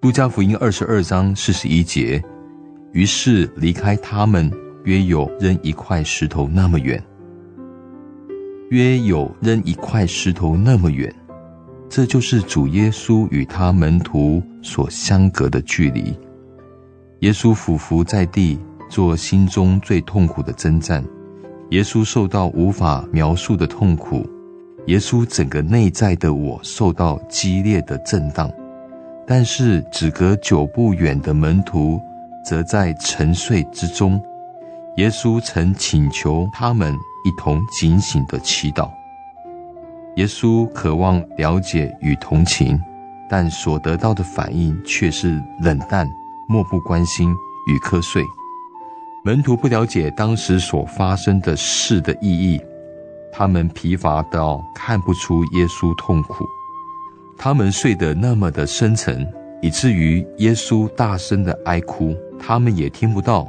路加福音二十二章四十一節，於是離開他們，約有扔一塊石頭那麼遠，約有扔一塊石頭那麼遠，這就是主耶穌與他門徒所相隔的距離。耶穌俯伏在地，做心中最痛苦的征戰。耶穌受到無法描述的痛苦。耶穌整個內在的我受到激烈的震盪，但是只隔九步遠的門徒則在沉睡之中。耶穌曾請求他們一同警醒地祈禱。耶穌渴望了解與同情，但所得到的反應卻是冷淡、漠不關心與瞌睡。門徒不了解當時所發生的事的意義。他們疲乏到看不出耶穌痛苦，他們睡得那麼的深沉，以至於耶穌大聲的哀哭，他們也聽不到。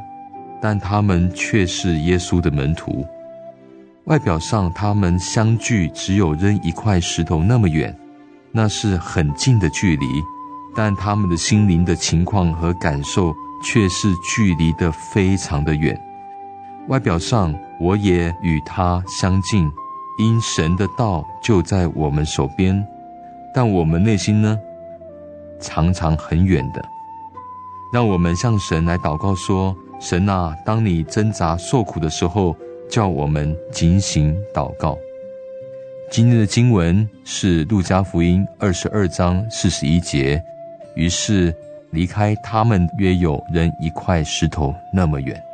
但他們卻是耶穌的門徒。外表上，他們相距只有扔一塊石頭那麼遠，那是很近的距離。但他們的心靈的情況和感受，卻是距離得非常的遠。外表上，我也與他相近，因神的道就在我們手邊。但我們內心呢，常常很遠的。讓我們向神來禱告說：“神啊，當你掙扎受苦的時候，叫我們警醒禱告。”今天的經文是《路加福音》二十二章四十一節。於是離開他們約有人一塊石頭那麼遠。